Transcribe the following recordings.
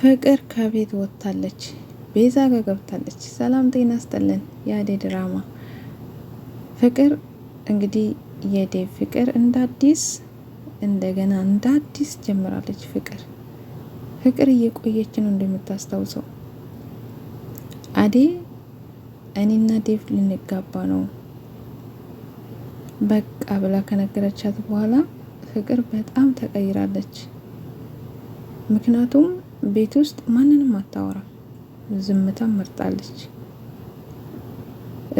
ፍቅር ከቤት ወጥታለች፣ ቤዛ ጋ ገብታለች። ሰላም ጤና ስጠልን። የአዴ ድራማ ፍቅር እንግዲህ የዴቭ ፍቅር እንደ አዲስ እንደገና እንደ አዲስ ጀምራለች። ፍቅር ፍቅር እየቆየች ነው እንደምታስታውሰው አዴ እኔና ዴቭ ልንጋባ ነው በቃ ብላ ከነገረቻት በኋላ ፍቅር በጣም ተቀይራለች። ምክንያቱም ቤት ውስጥ ማንንም አታወራ፣ ዝምታ መርጣለች።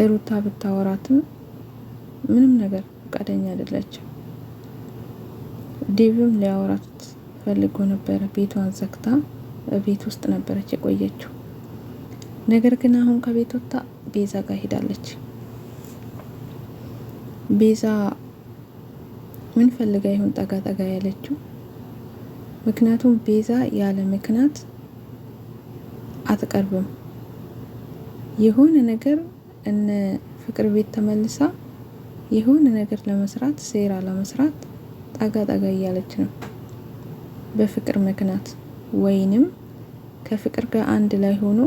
ሩታ ብታወራትም ምንም ነገር ፈቃደኛ አይደለችም። ዴቪም ሊያወራት ፈልጎ ነበረ። ቤቷን ዘግታ ቤት ውስጥ ነበረች የቆየችው። ነገር ግን አሁን ከቤት ወጥታ ቤዛ ጋር ሄዳለች። ቤዛ ምን ፈልጋ ይሁን ጠጋ ጠጋ ያለችው? ምክንያቱም ቤዛ ያለ ምክንያት አትቀርብም። የሆነ ነገር እነ ፍቅር ቤት ተመልሳ የሆነ ነገር ለመስራት ሴራ ለመስራት ጠጋ ጠጋ እያለች ነው በፍቅር ምክንያት ወይንም ከፍቅር ጋር አንድ ላይ ሆኖ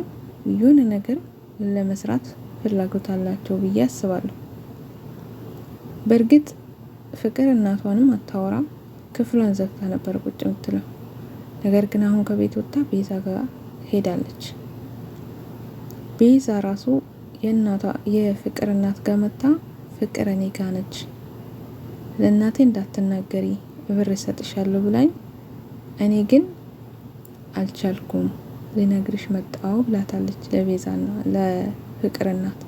የሆነ ነገር ለመስራት ፍላጎት አላቸው ብዬ አስባለሁ። በእርግጥ ፍቅር እናቷንም አታወራም፣ ክፍሏን ዘግታ ነበር ቁጭ የምትለው። ነገር ግን አሁን ከቤት ወጥታ ቤዛ ጋር ሄዳለች። ቤዛ ራሱ የእናቷ የፍቅር እናት ጋር መታ ፍቅር እኔ ጋ ነች ለእናቴ እንዳትናገሪ ብር እሰጥሻለሁ ብላኝ እኔ ግን አልቻልኩም ልነግርሽ መጣው ብላታለች ለቤዛና ለፍቅር እናት።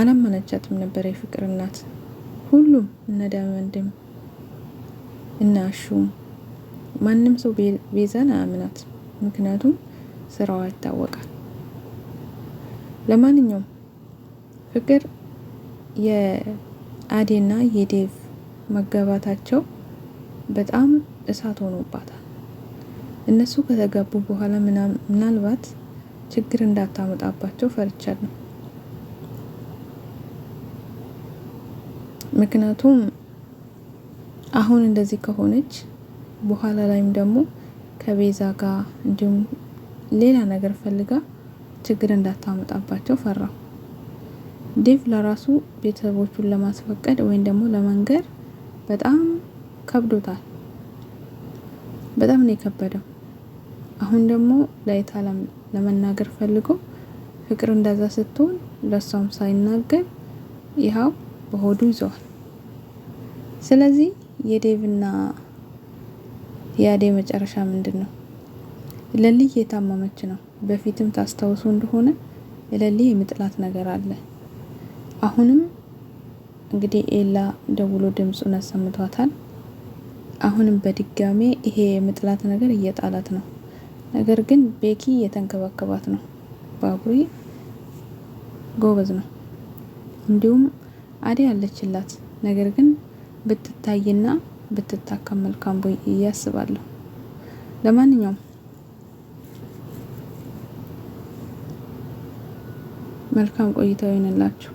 አላመነቻትም ነበር የፍቅር እናት። ሁሉም እነ ዳይመንድም እና ማንም ሰው ቤዛን አያምናት፣ ምክንያቱም ስራዋ ይታወቃል። ለማንኛውም ፍቅር የአዴና የዴቭ መገባታቸው በጣም እሳት ሆኖባታል። እነሱ ከተጋቡ በኋላ ምናልባት ችግር እንዳታመጣባቸው ፈርቻለሁ። ምክንያቱም አሁን እንደዚህ ከሆነች በኋላ ላይም ደግሞ ከቤዛ ጋር እንዲሁም ሌላ ነገር ፈልጋ ችግር እንዳታመጣባቸው ፈራው። ዴቭ ለራሱ ቤተሰቦቹን ለማስፈቀድ ወይም ደግሞ ለመንገር በጣም ከብዶታል። በጣም ነው የከበደው። አሁን ደግሞ ለይታ ለመናገር ፈልጎ ፍቅር እንደዛ ስትሆን ለእሷም ሳይናገር ይኸው በሆዱ ይዘዋል። ስለዚህ የዴቭና የአደይ መጨረሻ ምንድን ነው? ለልይ የታመመች ነው። በፊትም ታስታውሱ እንደሆነ ለልይ የምጥላት ነገር አለ። አሁንም እንግዲህ ኤላ ደውሎ ድምፁን አሰምቷታል። አሁንም በድጋሜ ይሄ የምጥላት ነገር እየጣላት ነው። ነገር ግን ቤኪ እየተንከባከባት ነው። ባቡሬ ጎበዝ ነው። እንዲሁም አደይ አለችላት። ነገር ግን ብትታይና ብትታከም መልካም ብዬ አስባለሁ። ለማንኛውም መልካም ቆይታ ይሆንላችሁ።